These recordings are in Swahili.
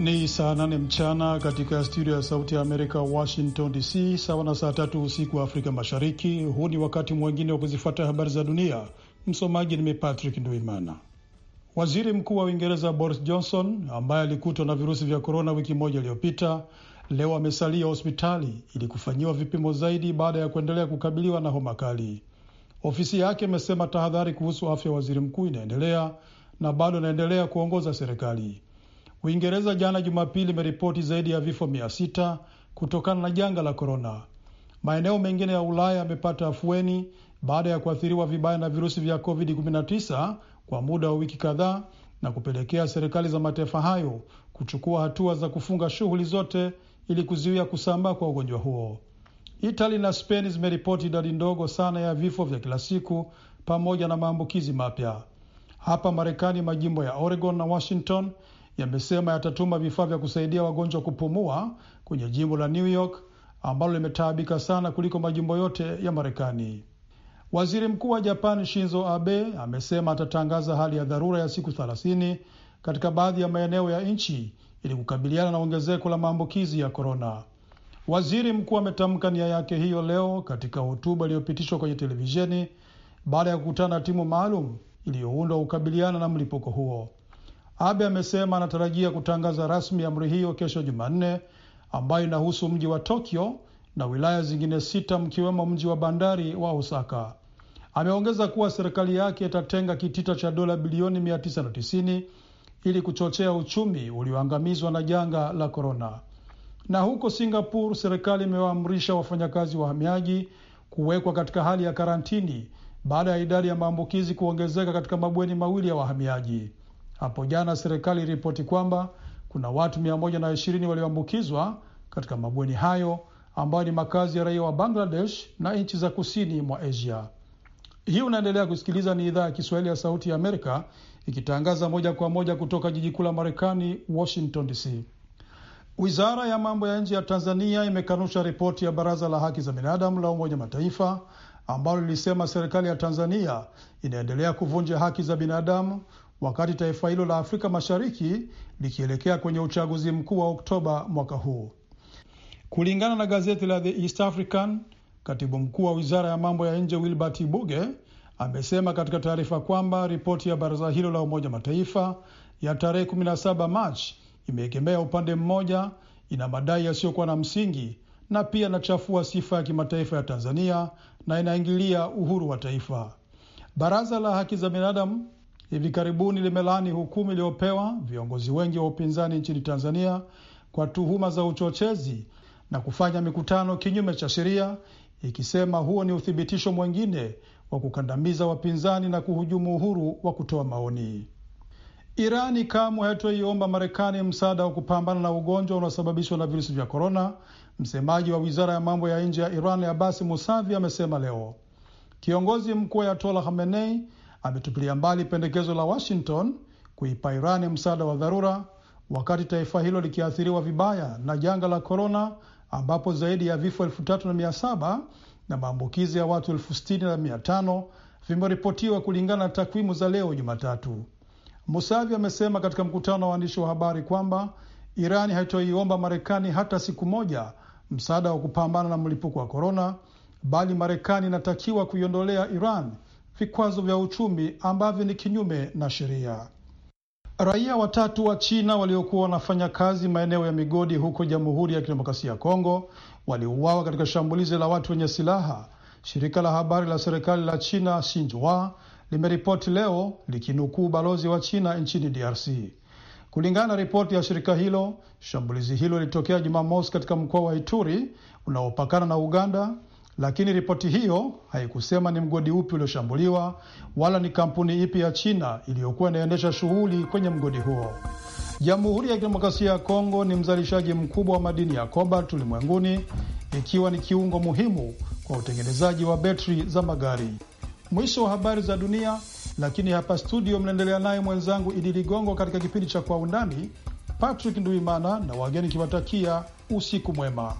Ni saa nane mchana katika studio ya Sauti ya Amerika, Washington DC, sawa na saa tatu usiku wa Afrika Mashariki. Huu ni wakati mwingine wa kuzifuata habari za dunia. Msomaji ni Patrick Nduimana. Waziri Mkuu wa Uingereza Boris Johnson, ambaye alikutwa na virusi vya korona wiki moja iliyopita, leo amesalia hospitali ili kufanyiwa vipimo zaidi baada ya kuendelea kukabiliwa na homa kali. Ofisi yake imesema tahadhari kuhusu afya ya waziri mkuu inaendelea na bado anaendelea kuongoza serikali. Uingereza jana Jumapili imeripoti zaidi ya vifo mia sita kutokana na janga la korona. Maeneo mengine ya Ulaya yamepata afueni baada ya kuathiriwa vibaya na virusi vya COVID-19 kwa muda wa wiki kadhaa na kupelekea serikali za mataifa hayo kuchukua hatua za kufunga shughuli zote ili kuzuia kusambaa kwa ugonjwa huo. Itali na Spain zimeripoti idadi ndogo sana ya vifo vya kila siku pamoja na maambukizi mapya. Hapa Marekani, majimbo ya Oregon na Washington yamesema yatatuma vifaa vya kusaidia wagonjwa kupumua kwenye jimbo la New York ambalo limetaabika sana kuliko majimbo yote ya Marekani. Waziri Mkuu wa Japan Shinzo Abe amesema atatangaza hali ya dharura ya siku 30 katika baadhi ya maeneo ya nchi ili kukabiliana na ongezeko la maambukizi ya korona. Waziri mkuu ametamka nia yake hiyo leo katika hotuba iliyopitishwa kwenye televisheni baada ya kukutana na timu maalum iliyoundwa kukabiliana na mlipuko huo. Abe amesema anatarajia kutangaza rasmi amri hiyo kesho Jumanne, ambayo inahusu mji wa Tokyo na wilaya zingine sita mkiwemo mji wa bandari wa Osaka. Ameongeza kuwa serikali yake itatenga kitita cha dola bilioni 990 ili kuchochea uchumi ulioangamizwa na janga la korona. Na huko Singapore, serikali imewaamrisha wafanyakazi wahamiaji kuwekwa katika hali ya karantini baada ya idadi ya maambukizi kuongezeka katika mabweni mawili ya wahamiaji. Hapo jana serikali iliripoti kwamba kuna watu 120 walioambukizwa katika mabweni hayo ambayo ni makazi ya raia wa Bangladesh na nchi za kusini mwa Asia. Hii unaendelea kusikiliza, ni idhaa ya Kiswahili ya Sauti ya Amerika ikitangaza moja kwa moja kutoka jiji kuu la Marekani, Washington DC. Wizara ya mambo ya nje ya Tanzania imekanusha ripoti ya Baraza la Haki za Binadamu la Umoja Mataifa ambalo lilisema serikali ya Tanzania inaendelea kuvunja haki za binadamu wakati taifa hilo la Afrika Mashariki likielekea kwenye uchaguzi mkuu wa Oktoba mwaka huu. Kulingana na gazeti la The East African, katibu mkuu wa wizara ya mambo ya nje Wilbert Ibuge amesema katika taarifa kwamba ripoti ya baraza hilo la Umoja Mataifa ya tarehe 17 Machi imeegemea upande mmoja, ina madai yasiyokuwa na msingi na pia inachafua sifa ya kimataifa ya Tanzania na inaingilia uhuru wa taifa. Baraza la haki za binadamu hivi karibuni limelaani hukumu iliyopewa viongozi wengi wa upinzani nchini Tanzania kwa tuhuma za uchochezi na kufanya mikutano kinyume cha sheria, ikisema huo ni uthibitisho mwingine wa kukandamiza wapinzani na kuhujumu uhuru wa kutoa maoni. Irani kamwe haitoiomba Marekani msaada wa kupambana na ugonjwa unaosababishwa na virusi vya korona. Msemaji wa wizara ya mambo ya nje ya Iran Abasi Musavi amesema leo kiongozi mkuu Ayatola Khamenei ametupilia mbali pendekezo la Washington kuipa Irani msaada wa dharura wakati taifa hilo likiathiriwa vibaya na janga la korona ambapo zaidi ya vifo elfu tatu na mia saba na maambukizi ya watu elfu sitini na mia tano vimeripotiwa kulingana na takwimu za leo Jumatatu. Musavi amesema katika mkutano wa waandishi wa habari kwamba Irani haitoiomba Marekani hata siku moja msaada wa kupambana na mlipuko wa korona, bali Marekani inatakiwa kuiondolea Iran vikwazo vya uchumi ambavyo ni kinyume na sheria. Raia watatu wa China waliokuwa wanafanya kazi maeneo ya migodi huko Jamhuri ya Kidemokrasia ya Kongo waliuawa katika shambulizi la watu wenye silaha. Shirika la habari la serikali la China Xinhua limeripoti leo likinukuu balozi wa China nchini DRC. Kulingana na ripoti ya shirika hilo, shambulizi hilo lilitokea Jumamosi katika mkoa wa Ituri unaopakana na Uganda lakini ripoti hiyo haikusema ni mgodi upi ulioshambuliwa wala ni kampuni ipi ya China iliyokuwa inaendesha shughuli kwenye mgodi huo. Jamhuri ya Kidemokrasia ya Kongo ni mzalishaji mkubwa wa madini ya cobalt ulimwenguni, ikiwa ni kiungo muhimu kwa utengenezaji wa betri za magari. Mwisho wa habari za dunia, lakini hapa studio mnaendelea naye mwenzangu Idi Ligongo katika kipindi cha Kwa Undani. Patrick Nduimana na wageni kiwatakia usiku mwema.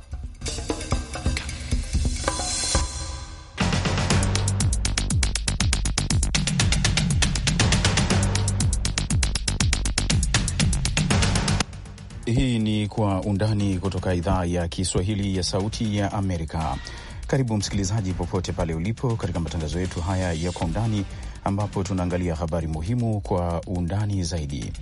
Kwa Undani kutoka idhaa ya Kiswahili ya Sauti ya Amerika. Karibu msikilizaji, popote pale ulipo, katika matangazo yetu haya ya Kwa Undani, ambapo tunaangalia habari muhimu kwa undani zaidi.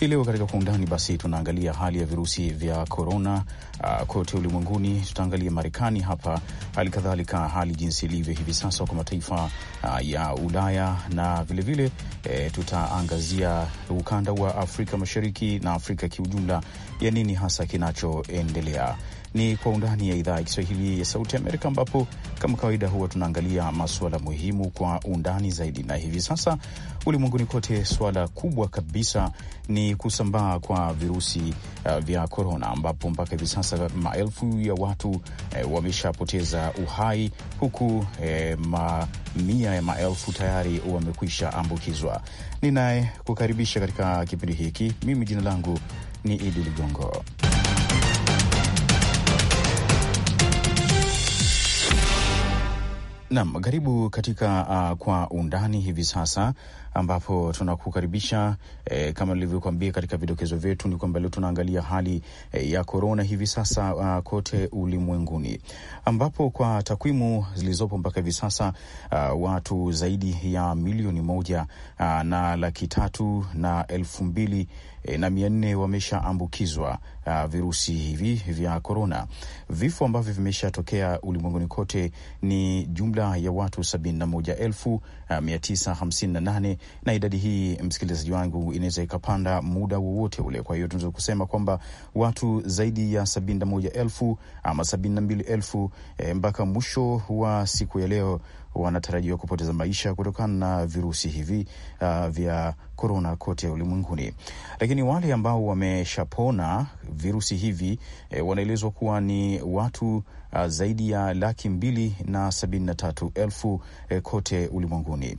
Hii leo katika kwa undani, basi tunaangalia hali ya virusi vya korona uh, kote ulimwenguni. Tutaangalia Marekani hapa, hali kadhalika hali jinsi ilivyo hivi sasa kwa mataifa uh, ya Ulaya na vilevile eh, tutaangazia ukanda wa Afrika Mashariki na Afrika kiujumla ya nini hasa kinachoendelea ni kwa undani ya idhaa ya Kiswahili ya Sauti Amerika, ambapo kama kawaida huwa tunaangalia masuala muhimu kwa undani zaidi. Na hivi sasa ulimwenguni kote, suala kubwa kabisa ni kusambaa kwa virusi uh, vya korona, ambapo mpaka hivi sasa maelfu ya watu eh, wameshapoteza uhai huku eh, uh, mamia ya maelfu tayari wamekwisha ambukizwa. Ninaye kukaribisha katika kipindi hiki, mimi jina langu ni Idi Ligongo. Nam, karibu katika uh, kwa undani hivi sasa ambapo tunakukaribisha e, kama nilivyokuambia katika vidokezo vyetu ni kwamba leo tunaangalia hali e, ya korona hivi sasa a, ah, kote ulimwenguni ambapo kwa takwimu zilizopo mpaka hivi sasa a, ah, watu zaidi ya milioni moja a, ah, na laki tatu na elfu mbili e, na mia nne wameshaambukizwa Uh, virusi hivi vya korona. Vifo ambavyo vimeshatokea ulimwenguni kote ni jumla ya watu 71,958 uh, na idadi hii, msikilizaji wangu, inaweza ikapanda muda wowote ule. Kwa hiyo tunaweza kusema kwamba watu zaidi ya sabini na moja elfu ama sabini na mbili elfu e, mpaka mwisho wa siku ya leo wanatarajiwa kupoteza maisha kutokana na virusi hivi uh, vya korona kote ulimwenguni. Lakini wale ambao wameshapona virusi hivi e, wanaelezwa kuwa ni watu Uh, zaidi ya laki mbili na sabini na tatu elfu e, kote ulimwenguni.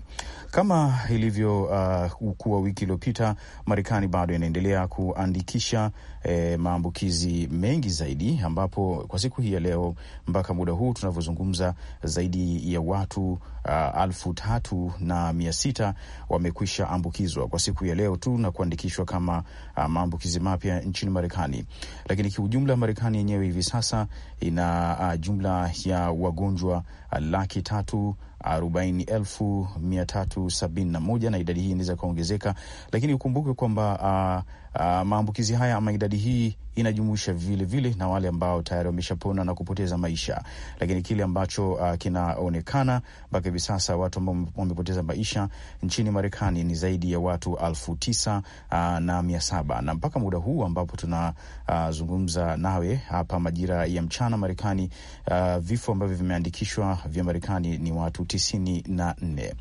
Kama ilivyokuwa uh, wiki iliyopita, Marekani bado inaendelea kuandikisha e, maambukizi mengi zaidi, ambapo kwa siku hii ya leo mpaka muda huu tunavyozungumza zaidi ya watu uh, alfu tatu na mia sita wamekwisha ambukizwa kwa siku ya leo tu na kuandikishwa kama uh, maambukizi mapya nchini Marekani. Lakini kiujumla, Marekani yenyewe hivi sasa ina uh, jumla ya wagonjwa uh, laki tatu 40371 na idadi hii inaweza kuongezeka, lakini ukumbuke kwamba uh, uh, maambukizi haya ama idadi hii inajumuisha vilevile vile na wale ambao tayari wameshapona na kupoteza maisha, lakini kile ambacho uh, kinaonekana mpaka hivi sasa watu ambao wamepoteza maisha nchini Marekani ni zaidi ya watu alfu tisa uh, na mia saba na mpaka muda huu ambapo tunazungumza uh, nawe hapa majira ya mchana Marekani, uh, vifo ambavyo vimeandikishwa vya Marekani ni watu tisini na nne.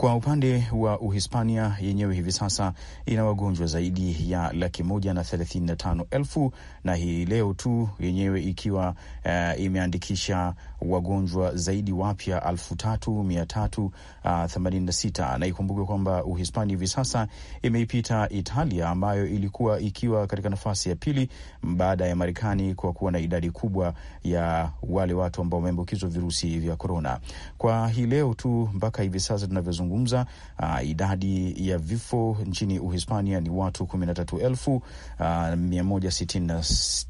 Kwa upande wa Uhispania yenyewe hivi sasa ina wagonjwa zaidi ya laki moja na thelathini na tano elfu na hii leo tu yenyewe ikiwa uh, imeandikisha wagonjwa zaidi wapya alfu tatu mia tatu ah, themanini na sita na ikumbuke kwamba Uhispania hivi sasa imeipita Italia ambayo ilikuwa ikiwa katika nafasi ya pili baada ya Marekani kwa kuwa na idadi kubwa ya wale watu ambao wameambukizwa virusi vya korona. Kwa hii leo tu mpaka hivi sasa tunavyozungumza, uh, idadi ya vifo nchini Uhispania ni watu kumi na tatu elfu ah, mia moja sitini na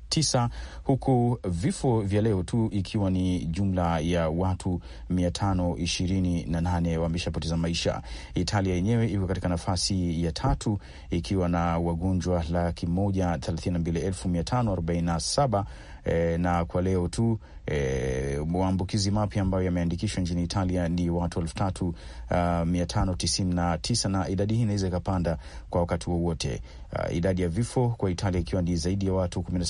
tisa huku vifo vya leo tu ikiwa ni jumla ya watu 528 wameshapoteza maisha. Italia yenyewe iko katika nafasi ya tatu ikiwa na wagonjwa laki moja thelathini na mbili elfu mia tano arobaini na saba e, na kwa leo tu eh, maambukizi mapya ambayo yameandikishwa nchini Italia ni watu elfu tatu ah, mia tano tisini na tisa na idadi hii inaweza ikapanda kwa wakati wowote wa uh, idadi ya vifo kwa Italia ikiwa ni zaidi ya watu kumi na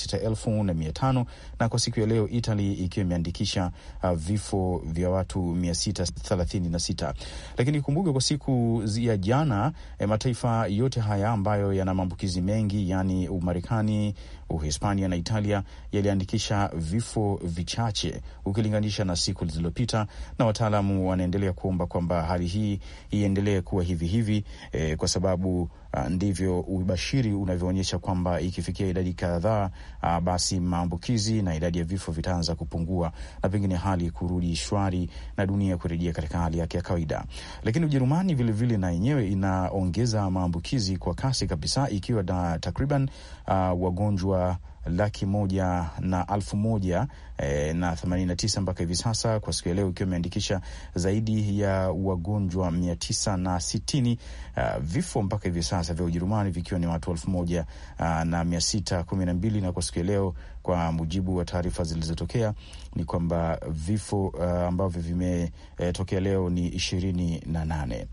na kwa siku ya leo Italia ikiwa imeandikisha uh, vifo vya watu 636. lakini kumbuke kwa siku ya jana eh, mataifa yote haya ambayo yana maambukizi mengi yani Umarekani, Uhispania na Italia yaliandikisha vifo vichache ukilinganisha na siku zilizopita, na wataalamu wanaendelea kuomba kwamba hali hii iendelee kuwa hivi hivi, eh, kwa sababu Ah, ndivyo ubashiri unavyoonyesha kwamba ikifikia idadi kadhaa, uh, basi maambukizi na idadi ya vifo vitaanza kupungua na pengine hali kurudi shwari na dunia kurejea katika hali yake ya kawaida. Lakini Ujerumani vilevile na yenyewe inaongeza maambukizi kwa kasi kabisa, ikiwa na takriban uh, wagonjwa laki moja na alfu moja e, na themanini na tisa mpaka hivi sasa kwa siku ya leo, ikiwa imeandikisha zaidi ya wagonjwa mia tisa na sitini uh, vifo mpaka hivi sasa vya Ujerumani vikiwa ni watu elfu moja uh, na mia sita kumi na mbili na kwa siku ya leo, kwa mujibu wa taarifa zilizotokea ni kwamba vifo uh, ambavyo vimetokea leo ni ishirini na nane.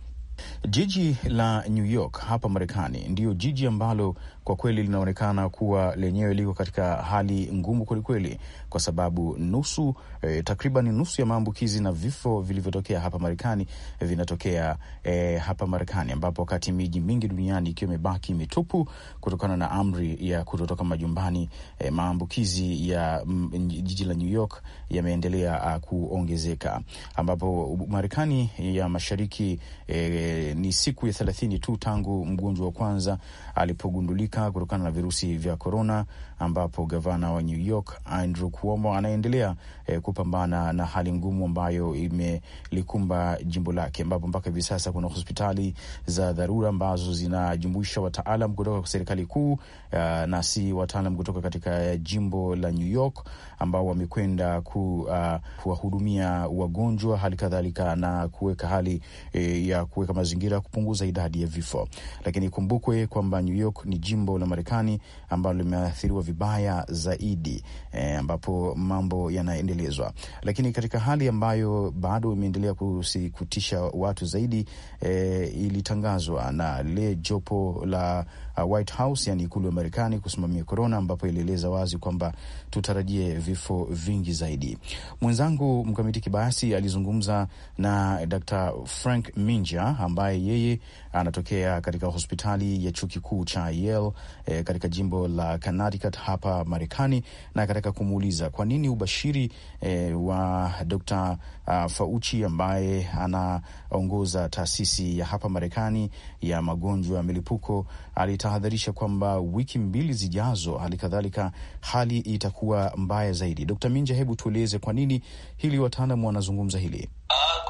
Jiji la New York hapa Marekani ndiyo jiji ambalo kwa kweli linaonekana kuwa lenyewe liko katika hali ngumu kwelikweli, kwa sababu nusu e, takriban nusu ya maambukizi na vifo vilivyotokea hapa Marekani eh, vinatokea e, hapa Marekani, ambapo wakati miji mingi duniani ikiwa imebaki mitupu kutokana na amri ya kutotoka majumbani, e, maambukizi ya mm, jiji la New York yameendelea ah, kuongezeka, ambapo Marekani ya mashariki e, ni siku ya thelathini tu tangu mgonjwa wa kwanza alipogundulika kutokana na virusi vya korona ambapo gavana wa New York Andrew Cuomo anaendelea eh, kupambana na hali ngumu ambayo imelikumba jimbo lake, ambapo mpaka hivi sasa kuna hospitali za dharura ambazo zinajumuisha wataalam kutoka serikali kuu uh, na si wataalam kutoka katika jimbo la New York ambao wamekwenda eh, kuwahudumia uh, wagonjwa, hali kadhalika na kuweka hali eh, ya kuweka mazingira ya kupunguza idadi ya vifo. Lakini ikumbukwe kwamba New York ni jimbo la Marekani ambalo limeathiriwa vibaya zaidi eh, ambapo mambo yanaendelezwa, lakini katika hali ambayo bado imeendelea kusikutisha watu zaidi e, ilitangazwa na lile jopo la Uh, White House, yani ikulu ya Marekani, kusimamia korona, ambapo ilieleza wazi kwamba tutarajie vifo vingi zaidi. Mwenzangu Mkamiti Kibayasi alizungumza na Dr. Frank Minja ambaye yeye anatokea katika hospitali ya chuo kikuu cha Yale e, katika jimbo la Connecticut hapa Marekani, na katika kumuuliza kwa nini ubashiri e, wa Dr. Uh, Fauci ambaye anaongoza taasisi ya hapa Marekani ya magonjwa ya milipuko alita kutahadharisha kwamba wiki mbili zijazo, hali kadhalika, hali itakuwa mbaya zaidi. Dkt Minja, hebu tueleze kwa nini hili wataalamu wanazungumza hili? Ah,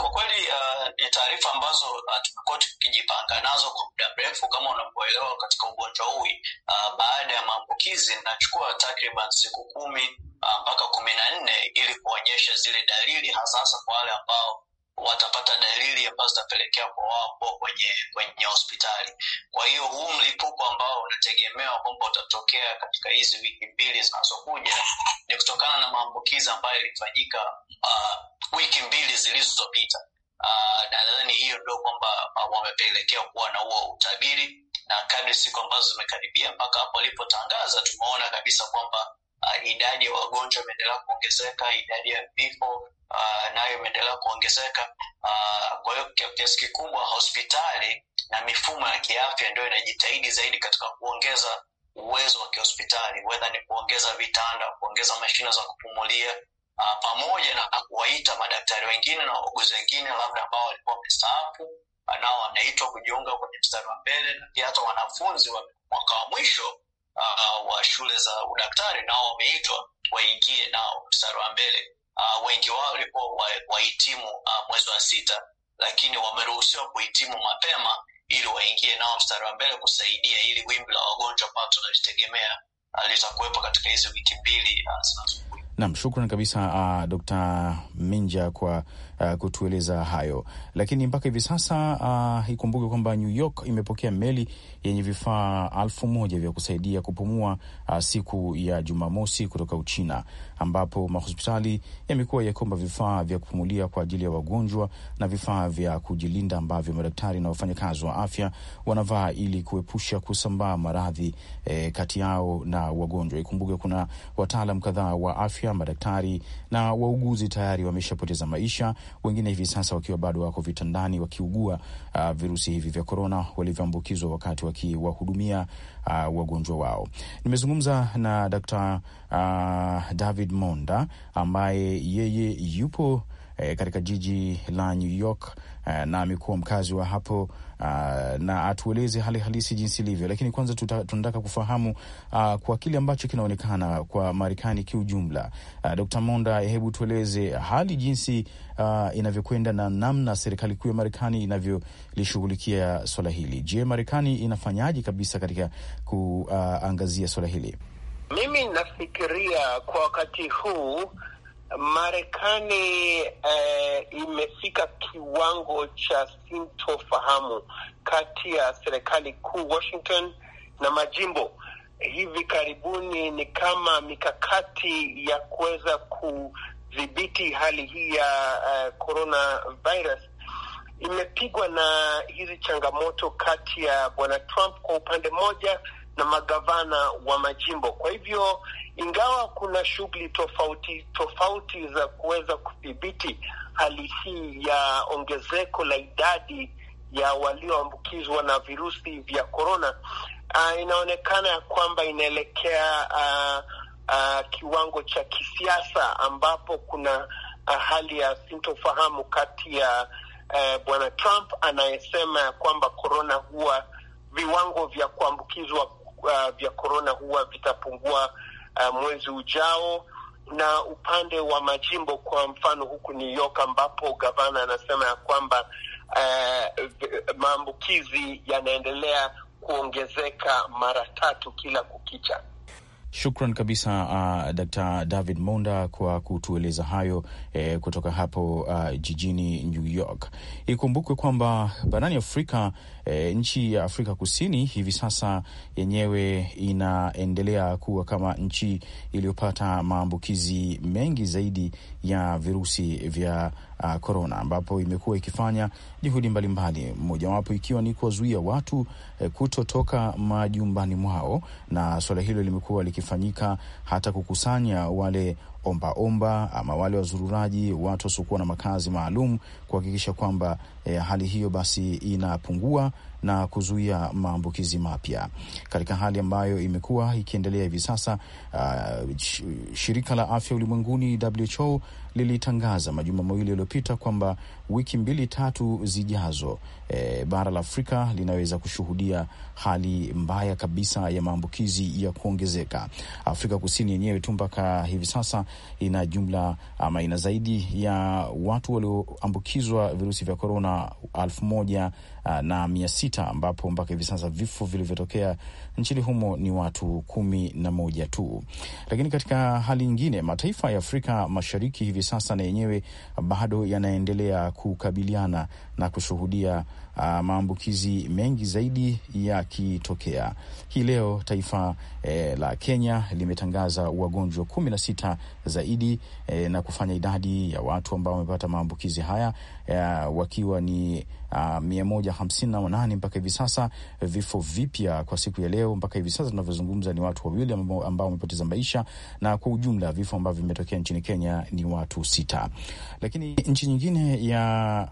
kwa kweli ah, ni taarifa ambazo ah, tumekuwa tukijipanga nazo kwa muda mrefu. Kama unavyoelewa katika ugonjwa huu baada ya maambukizi inachukua takriban siku kumi mpaka kumi na nne ili kuonyesha zile dalili, hasa hasa kwa wale ambao watapata dalili ambazo zitapelekea kwa wao kuwa kwenye, kwenye hospitali. Kwa hiyo huu mlipuko ambao unategemewa kwamba utatokea katika hizi wiki mbili zinazokuja ni kutokana na maambukizi ambayo ilifanyika uh, ah, wiki mbili zilizopita. Uh, nadhani hiyo ndio kwamba uh, wamepelekea kuwa na huo utabiri, na kadri siku ambazo zimekaribia mpaka hapo walipotangaza tumeona kabisa kwamba uh, idadi ya wagonjwa imeendelea kuongezeka, idadi ya vifo uh, nayo imeendelea kuongezeka. Uh, kwa hiyo kiasi kikubwa hospitali na mifumo ya kiafya ndio inajitahidi zaidi katika kuongeza uwezo wa kihospitali, wedha ni kuongeza vitanda, kuongeza mashine za kupumulia uh, pamoja na kuwaita madaktari wengine na wauguzi wengine labda ambao walikuwa wamestaafu, nao wanaitwa kujiunga kwenye mstari wa mbele, na pia hata wanafunzi wa mwaka wa mwisho uh, wa shule za udaktari nao wameitwa waingie nao mstari wa mbele. Uh, wengi wao walikuwa wahitimu uh, mwezi wa sita, lakini wameruhusiwa kuhitimu mapema ili waingie nao mstari wa mbele kusaidia, ili wimbi la wagonjwa ambao tunalitegemea uh, litakuwepo katika hizo wiki mbili uh, zinazokuja. Nam, shukran kabisa uh, Dr. Minja kwa uh, kutueleza hayo lakini mpaka hivi sasa uh, ah, ikumbuke kwamba New York imepokea meli yenye vifaa alfu moja vya kusaidia kupumua uh, siku ya Jumamosi kutoka Uchina, ambapo mahospitali yamekuwa yakiomba vifaa vya kupumulia kwa ajili ya wagonjwa na vifaa vya kujilinda ambavyo madaktari na wafanyakazi wa afya wanavaa ili kuepusha kusambaa maradhi eh, kati yao na wagonjwa. Ikumbuke kuna wataalam kadhaa wa afya, madaktari na wauguzi tayari wameshapoteza maisha, wengine hivi sasa wakiwa bado wako vitandani wakiugua uh, virusi hivi vya korona walivyoambukizwa wakati wakiwahudumia uh, wagonjwa wao. Nimezungumza na d uh, David Monda ambaye yeye yupo eh, katika jiji la New York eh, na amekuwa mkazi wa hapo uh, na atueleze hali halisi jinsi ilivyo, lakini kwanza tunataka kufahamu uh, kwa kile ambacho kinaonekana kwa Marekani kiujumla. Uh, ah, Dr. Monda, hebu tueleze hali jinsi uh, inavyokwenda na namna serikali kuu ya Marekani inavyolishughulikia swala hili. Je, Marekani inafanyaje kabisa katika kuangazia uh, swala hili? Mimi nafikiria kwa wakati huu Marekani eh, imefika kiwango cha sintofahamu kati ya serikali kuu Washington na majimbo. Hivi karibuni ni kama mikakati ya kuweza kudhibiti hali hii ya uh, coronavirus imepigwa na hizi changamoto kati ya bwana Trump kwa upande mmoja na magavana wa majimbo. Kwa hivyo, ingawa kuna shughuli tofauti tofauti za kuweza kudhibiti hali hii ya ongezeko la idadi ya walioambukizwa na virusi vya korona, uh, ah, inaonekana ya kwamba inaelekea uh, uh, kiwango cha kisiasa ambapo kuna uh, hali ya sintofahamu kati ya uh, bwana Trump anayesema ya kwamba korona huwa viwango vya kuambukizwa uh, vya korona huwa vitapungua uh, mwezi ujao na upande wa majimbo kwa mfano huku New York ambapo gavana anasema ya kwamba uh, maambukizi yanaendelea kuongezeka mara tatu kila kukicha. Shukran kabisa uh, Dkt. David Monda kwa kutueleza hayo eh, kutoka hapo uh, jijini New York. Ikumbukwe kwamba barani Afrika E, nchi ya Afrika Kusini hivi sasa yenyewe inaendelea kuwa kama nchi iliyopata maambukizi mengi zaidi ya virusi vya korona, ah, uh, ambapo imekuwa ikifanya juhudi mbalimbali, mojawapo ikiwa ni kuwazuia watu eh, kutotoka majumbani mwao, na suala hilo limekuwa likifanyika hata kukusanya wale ombaomba ama wale wazururaji, watu wasiokuwa na makazi maalum, kuhakikisha kwamba eh, hali hiyo basi inapungua na kuzuia maambukizi mapya katika hali ambayo imekuwa ikiendelea hivi sasa. Uh, shirika la afya ulimwenguni WHO lilitangaza majuma mawili yaliyopita kwamba wiki mbili tatu zijazo, e, bara la Afrika linaweza kushuhudia hali mbaya kabisa ya maambukizi ya kuongezeka. Afrika Kusini yenyewe tu mpaka hivi sasa ina jumla ama ina zaidi ya watu walioambukizwa virusi vya korona elfu moja e, na mia sita ambapo mpaka hivi sasa vifo vilivyotokea nchini humo ni watu kumi na moja tu. Lakini katika hali nyingine, mataifa ya Afrika Mashariki hivi sasa na yenyewe bado yanaendelea kukabiliana na kushuhudia uh, maambukizi mengi zaidi yakitokea. Hii leo taifa eh, la Kenya limetangaza wagonjwa kumi na sita zaidi eh, na kufanya idadi ya watu ambao wamepata maambukizi haya eh, wakiwa ni 158 ah, mpaka hivi sasa. Vifo vipya kwa siku ya leo mpaka hivi sasa tunavyozungumza ni watu wawili ambao wamepoteza maisha, na kwa ujumla vifo ambavyo vimetokea nchini Kenya ni watu sita. Lakini nchi nyingine ya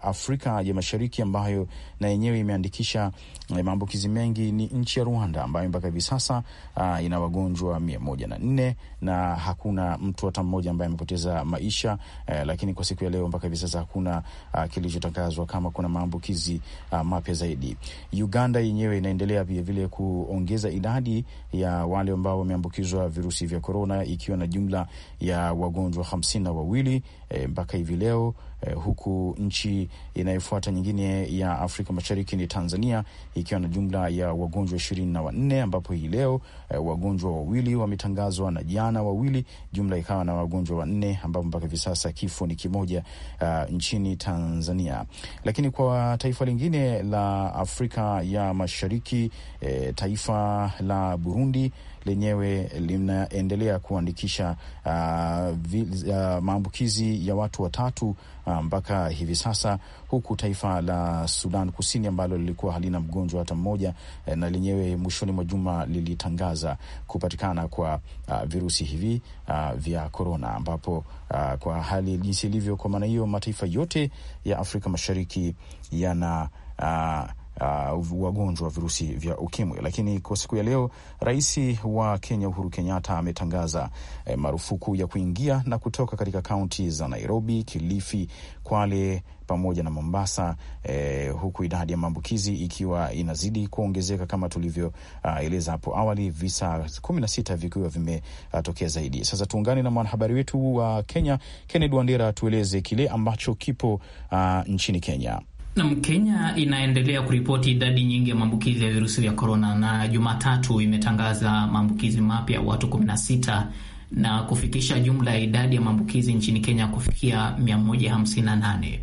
Afrika ya Mashariki ambayo na yenyewe imeandikisha eh, maambukizi mengi ni nchi ya Rwanda ambayo mpaka hivi sasa uh, ina wagonjwa 104 na na hakuna mtu hata mmoja ambaye amepoteza maisha uh, lakini kwa siku ya leo mpaka hivi sasa hakuna uh, kilichotangazwa kama kuna maambukizi maambukizi uh, mapya zaidi. Uganda yenyewe inaendelea vilevile kuongeza idadi ya wale ambao wameambukizwa virusi vya korona, ikiwa na jumla ya wagonjwa hamsini na wawili eh, mpaka hivi leo eh, huku nchi inayofuata nyingine ya Afrika Mashariki ni Tanzania ikiwa na jumla ya wagonjwa ishirini na wanne ambapo hii leo eh, wagonjwa wawili wametangazwa na jana wawili, jumla ikawa na wagonjwa wanne, ambapo mpaka hivi sasa kifo ni kimoja uh, nchini Tanzania. Lakini kwa taifa lingine la Afrika ya Mashariki eh, taifa la Burundi lenyewe linaendelea kuandikisha uh, uh, maambukizi ya watu watatu ah, mpaka hivi sasa, huku taifa la Sudan Kusini ambalo lilikuwa halina mgonjwa hata mmoja eh, na lenyewe mwishoni mwa juma lilitangaza kupatikana kwa uh, virusi hivi uh, vya korona, ambapo uh, kwa hali jinsi ilivyo, kwa maana hiyo mataifa yote ya Afrika Mashariki yana uh, uh, wagonjwa wa virusi vya ukimwi. Lakini kwa siku ya leo, rais wa Kenya Uhuru Kenyatta ametangaza eh, marufuku ya kuingia na kutoka katika kaunti za Nairobi, Kilifi, Kwale pamoja na Mombasa eh, huku idadi ya maambukizi ikiwa inazidi kuongezeka kama tulivyoeleza uh, hapo awali, visa kumi na sita vikiwa vimetokea uh, zaidi. Sasa tuungane na mwanahabari wetu wa uh, Kenya Kennedy Wandera, tueleze kile ambacho kipo uh, nchini Kenya. Nam, Kenya inaendelea kuripoti idadi nyingi ya maambukizi ya virusi vya korona, na Jumatatu imetangaza maambukizi mapya watu 16 na kufikisha jumla ya idadi ya maambukizi nchini Kenya kufikia 158.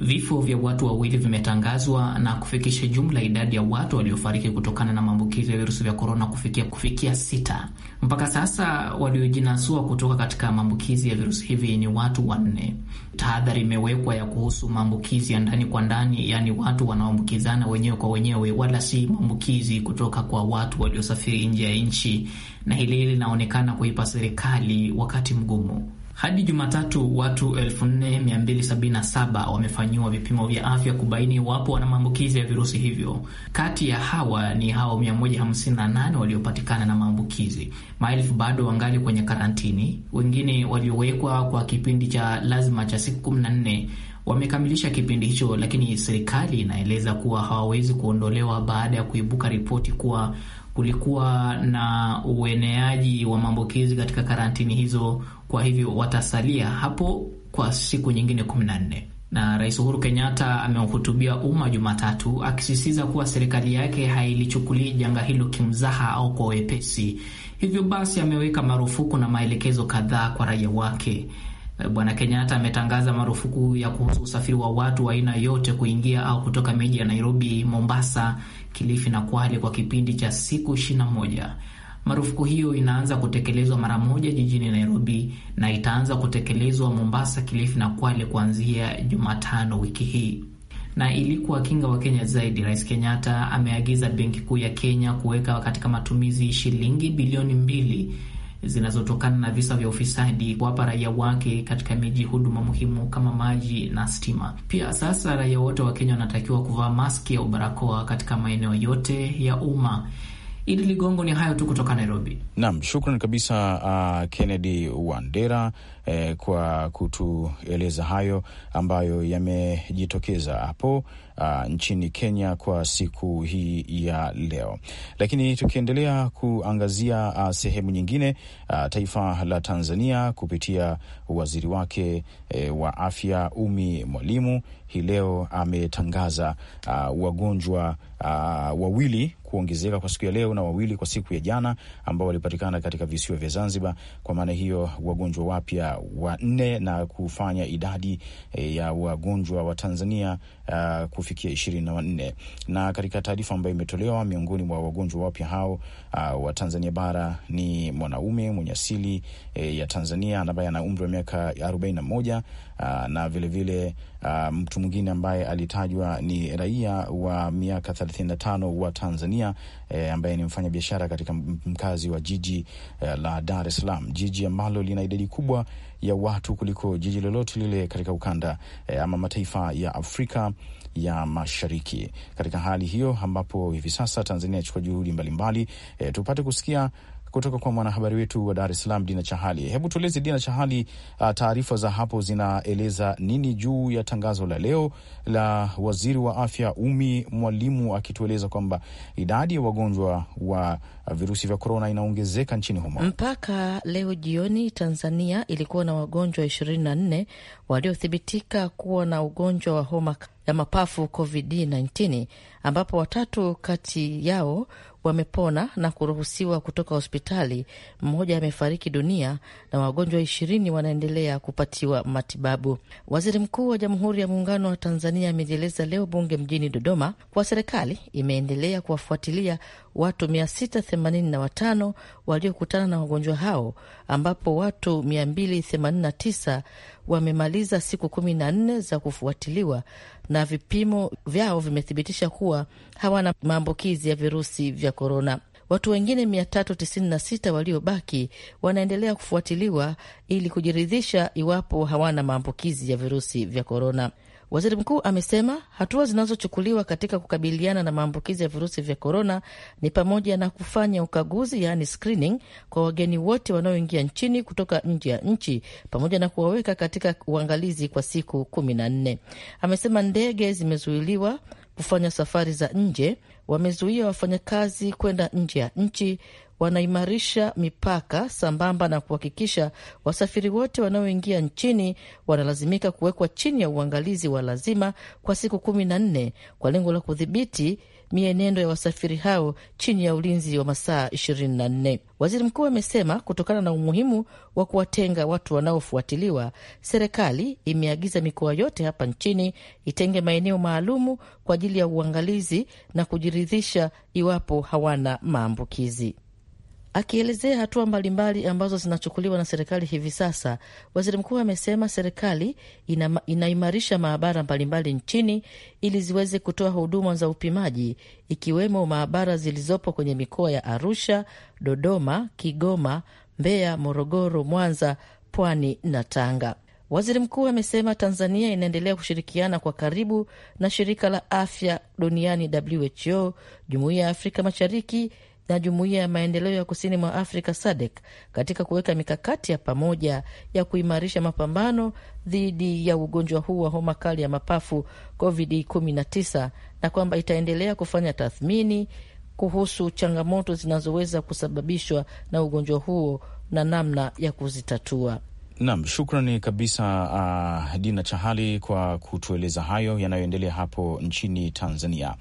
Vifo vya watu wawili vimetangazwa na kufikisha jumla idadi ya watu waliofariki kutokana na maambukizi ya virusi vya korona kufikia kufikia sita. Mpaka sasa waliojinasua kutoka katika maambukizi ya virusi hivi ni watu wanne. Tahadhari imewekwa ya kuhusu maambukizi ya ndani kwa ndani, yaani watu wanaoambukizana wenyewe kwa wenyewe, wala si maambukizi kutoka kwa watu waliosafiri nje ya nchi, na hili linaonekana kuipa serikali wakati mgumu. Hadi Jumatatu, watu 4277 wamefanyiwa vipimo vya afya kubaini iwapo wana maambukizi ya virusi hivyo. Kati ya hawa ni hao 158 waliopatikana na maambukizi. Maelfu bado wangali kwenye karantini. Wengine waliowekwa kwa kipindi cha lazima cha siku 14 wamekamilisha kipindi hicho, lakini serikali inaeleza kuwa hawawezi kuondolewa baada ya kuibuka ripoti kuwa kulikuwa na ueneaji wa maambukizi katika karantini hizo, kwa hivyo watasalia hapo kwa siku nyingine 14 na Rais Uhuru Kenyatta ameuhutubia umma Jumatatu akisisitiza kuwa serikali yake hailichukulii janga hilo kimzaha au kwa wepesi. Hivyo basi, ameweka marufuku na maelekezo kadhaa kwa raia wake. Eh, Bwana Kenyatta ametangaza marufuku ya kuhusu usafiri wa watu wa aina yote kuingia au kutoka miji ya Nairobi, Mombasa, Kilifi na Kwale kwa kipindi cha siku 21. Marufuku hiyo inaanza kutekelezwa mara moja jijini Nairobi na itaanza kutekelezwa Mombasa, Kilifi na Kwale kuanzia Jumatano wiki hii. Na ili kuwakinga Wakenya zaidi, Rais Kenyatta ameagiza Benki Kuu ya Kenya kuweka katika matumizi shilingi bilioni mbili zinazotokana na visa vya ufisadi, kuwapa raia wake katika miji huduma muhimu kama maji na stima. Pia sasa raia wote wa Kenya wanatakiwa kuvaa maski au barakoa katika maeneo yote ya umma. Idi Ligongo, ni hayo tu kutoka Nairobi. Naam, shukran kabisa uh, Kennedy Wandera eh, kwa kutueleza hayo ambayo yamejitokeza hapo uh, nchini Kenya kwa siku hii ya leo. Lakini tukiendelea kuangazia uh, sehemu nyingine, uh, taifa la Tanzania kupitia waziri wake eh, wa afya Umi Mwalimu hii leo ametangaza uh, wagonjwa uh, wawili kuongezeka kwa siku ya leo na wawili kwa siku ya jana ambao walipatikana katika visiwa vya Zanzibar. Kwa maana hiyo wagonjwa wapya wanne na kufanya idadi eh, ya wagonjwa wa Tanzania uh, kufikia ishirini na wanne. Na katika taarifa ambayo imetolewa, miongoni mwa wagonjwa wapya hao uh, wa Tanzania bara ni mwanaume mwenye asili uh, ya Tanzania ambaye ana umri wa miaka arobaini na moja Ah, na vilevile vile, uh, mtu mwingine ambaye alitajwa ni raia wa miaka 35 wa Tanzania eh, ambaye ni mfanya biashara katika mkazi wa jiji eh, la Dar es Salaam, jiji ambalo lina idadi kubwa ya watu kuliko jiji lolote lile katika ukanda eh, ama mataifa ya Afrika ya Mashariki. Katika hali hiyo ambapo hivi sasa Tanzania inachukua juhudi mbalimbali eh, tupate kusikia kutoka kwa mwanahabari wetu wa Dar es Salaam, Dina Chahali. Hebu tueleze Dina Chahali, uh, taarifa za hapo zinaeleza nini juu ya tangazo la leo la waziri wa afya Umi Mwalimu akitueleza kwamba idadi ya wagonjwa wa virusi vya korona inaongezeka nchini humo. Mpaka leo jioni, Tanzania ilikuwa na wagonjwa ishirini na nne waliothibitika kuwa na ugonjwa wa homa ya mapafu COVID-19, ambapo watatu kati yao wamepona na kuruhusiwa kutoka hospitali, mmoja amefariki dunia na wagonjwa ishirini wanaendelea kupatiwa matibabu. Waziri Mkuu wa Jamhuri ya Muungano wa Tanzania amejieleza leo bunge mjini Dodoma kuwa serikali imeendelea kuwafuatilia watu 685 waliokutana na wagonjwa hao, ambapo watu 289 wamemaliza siku 14 za kufuatiliwa na vipimo vyao vimethibitisha kuwa hawana maambukizi ya virusi vya korona. Watu wengine 396 waliobaki wanaendelea kufuatiliwa ili kujiridhisha iwapo hawana maambukizi ya virusi vya korona. Waziri mkuu amesema hatua zinazochukuliwa katika kukabiliana na maambukizi ya virusi vya korona ni pamoja na kufanya ukaguzi, yaani screening, kwa wageni wote wanaoingia nchini kutoka nje ya nchi pamoja na kuwaweka katika uangalizi kwa siku kumi na nne. Amesema ndege zimezuiliwa kufanya safari za nje, wamezuia wafanyakazi kwenda nje ya nchi, wanaimarisha mipaka sambamba na kuhakikisha wasafiri wote wanaoingia nchini wanalazimika kuwekwa chini ya uangalizi wa lazima kwa siku kumi na nne kwa lengo la kudhibiti mienendo ya wasafiri hao chini ya ulinzi wa masaa 24. Waziri mkuu amesema kutokana na umuhimu wa kuwatenga watu wanaofuatiliwa, serikali imeagiza mikoa yote hapa nchini itenge maeneo maalumu kwa ajili ya uangalizi na kujiridhisha iwapo hawana maambukizi. Akielezea hatua mbalimbali ambazo zinachukuliwa na serikali hivi sasa, waziri mkuu amesema serikali ina, inaimarisha maabara mbalimbali nchini ili ziweze kutoa huduma za upimaji ikiwemo maabara zilizopo kwenye mikoa ya Arusha, Dodoma, Kigoma, Mbeya, Morogoro, Mwanza, Pwani na Tanga. Waziri mkuu amesema Tanzania inaendelea kushirikiana kwa karibu na shirika la afya duniani WHO, jumuiya ya Afrika Mashariki na Jumuiya ya Maendeleo ya Kusini mwa Afrika SADC katika kuweka mikakati ya pamoja ya kuimarisha mapambano dhidi ya ugonjwa huu wa homa kali ya mapafu COVID-19 na kwamba itaendelea kufanya tathmini kuhusu changamoto zinazoweza kusababishwa na ugonjwa huo na namna ya kuzitatua. Nam, shukrani kabisa uh, Dina Chahali kwa kutueleza hayo yanayoendelea hapo nchini Tanzania.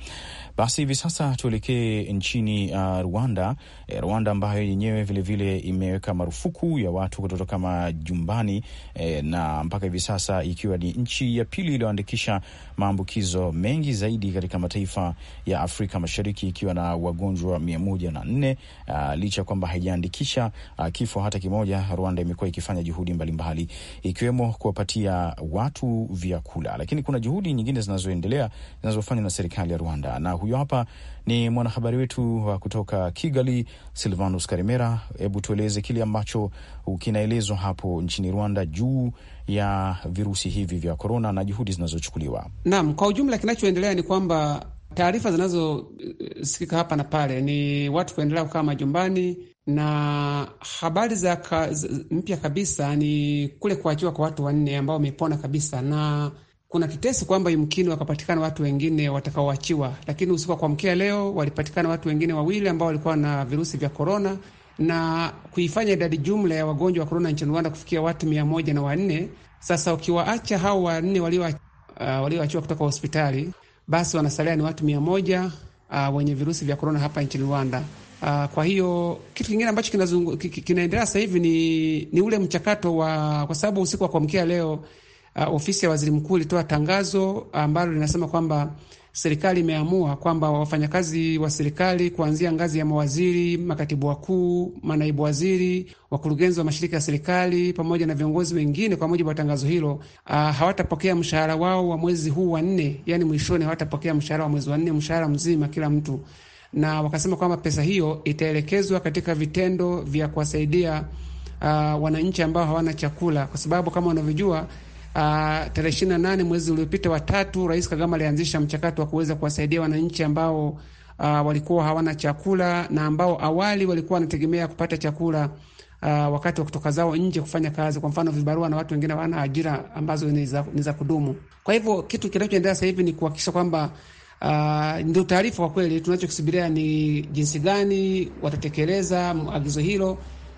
Basi hivi sasa tuelekee nchini uh, Rwanda. E, Rwanda ambayo yenyewe vilevile imeweka marufuku ya watu kutotoka majumbani e, na mpaka hivi sasa ikiwa ni nchi ya pili iliyoandikisha maambukizo mengi zaidi katika mataifa ya Afrika Mashariki ikiwa na wagonjwa mia moja na nne uh, licha ya kwamba haijaandikisha uh, kifo hata kimoja. Rwanda imekuwa ikifanya juhudi mbali mbalimbali ikiwemo kuwapatia watu vyakula, lakini kuna juhudi nyingine zinazoendelea zinazofanywa na serikali ya Rwanda, na huyo hapa ni mwanahabari wetu wa kutoka Kigali, Silvanus Karimera. Hebu tueleze kile ambacho kinaelezwa hapo nchini Rwanda juu ya virusi hivi vya korona na juhudi zinazochukuliwa. Naam, kwa ujumla kinachoendelea ni kwamba taarifa zinazosikika hapa na pale ni watu kuendelea kukaa majumbani na habari za ka, mpya kabisa ni kule kuachiwa kwa watu wanne ambao wamepona kabisa, na kuna tetesi kwamba yumkini wakapatikana watu wengine watakaoachiwa, lakini usiku wa kuamkia leo walipatikana watu wengine wawili ambao walikuwa na virusi vya korona na kuifanya idadi jumla ya wagonjwa wa korona nchini Rwanda kufikia watu mia moja na wanne. Sasa ukiwaacha hao wanne uh, walioachiwa uh, kutoka hospitali, basi wanasalia ni watu mia moja uh, wenye virusi vya korona hapa nchini Rwanda. Uh, kwa hiyo kitu kingine ambacho kinaendelea sasa hivi ni, ni ule mchakato wa kwa sababu usiku wa kuamkia leo uh, ofisi ya waziri mkuu ilitoa tangazo ambalo linasema kwamba serikali imeamua kwamba wafanyakazi wa serikali kuanzia ngazi ya mawaziri, makatibu wakuu, manaibu waziri, wakurugenzi wa mashirika ya serikali pamoja na viongozi wengine, kwa mujibu wa tangazo hilo, uh, hawatapokea mshahara wao wa mwezi huu wa nne, yani mwishoni hawatapokea mshahara wa mwezi wa nne, mshahara mzima kila mtu na wakasema kwamba pesa hiyo itaelekezwa katika vitendo vya kuwasaidia uh, wananchi ambao hawana chakula, kwa sababu kama unavyojua Uh, tarehe ishirini na nane mwezi uliopita watatu, Rais Kagame alianzisha mchakato wa kuweza kuwasaidia wananchi ambao uh, walikuwa hawana chakula na ambao awali walikuwa wanategemea kupata chakula uh, wakati wa kutoka zao nje kufanya kazi, kwa mfano vibarua na watu wengine hawana ajira ambazo ni za kudumu. Kwa hivyo kitu kinachoendelea sasa hivi ni kuhakikisha kwamba Uh, ndio taarifa kwa kweli. Tunachokisubiria ni jinsi gani watatekeleza agizo hilo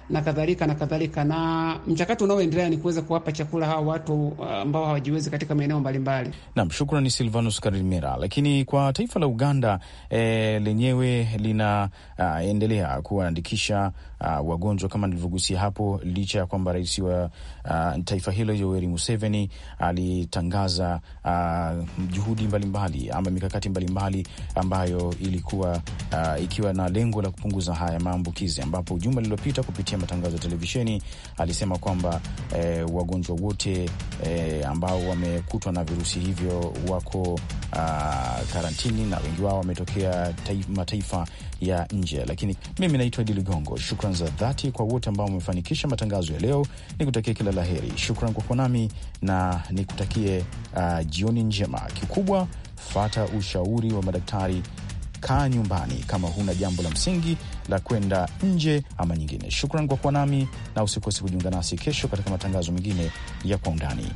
na kadhalika na kadhalika, na mchakato unaoendelea ni kuweza kuwapa chakula hawa watu ah, ambao hawajiwezi katika maeneo mbalimbali. Naam, shukrani Silvanus Karimera. Lakini kwa taifa la Uganda e, lenyewe linaendelea kuwaandikisha uh, wagonjwa kama nilivyogusia hapo, licha ya kwamba rais wa uh, taifa hilo Yoweri Museveni alitangaza uh, juhudi mbalimbali mbali, ama mikakati mbalimbali mbali ambayo ilikuwa uh, ikiwa na lengo la kupunguza haya maambukizi, ambapo juma lililopita kupitia matangazo ya televisheni alisema kwamba eh, wagonjwa wote eh, ambao wamekutwa na virusi hivyo wako uh, karantini na wengi wao wametokea mataifa ya nje. Lakini mimi naitwa Idi Ligongo. Shukran za dhati kwa wote ambao wamefanikisha matangazo ya leo, kutakie kila la heri. Shukran kwa kuwa nami na nikutakie uh, jioni njema. Kikubwa, fata ushauri wa madaktari. Kaa nyumbani kama huna jambo la msingi la kwenda nje ama nyingine. Shukran kwa kuwa nami na usikose kujiunga nasi kesho katika matangazo mengine ya Kwa Undani.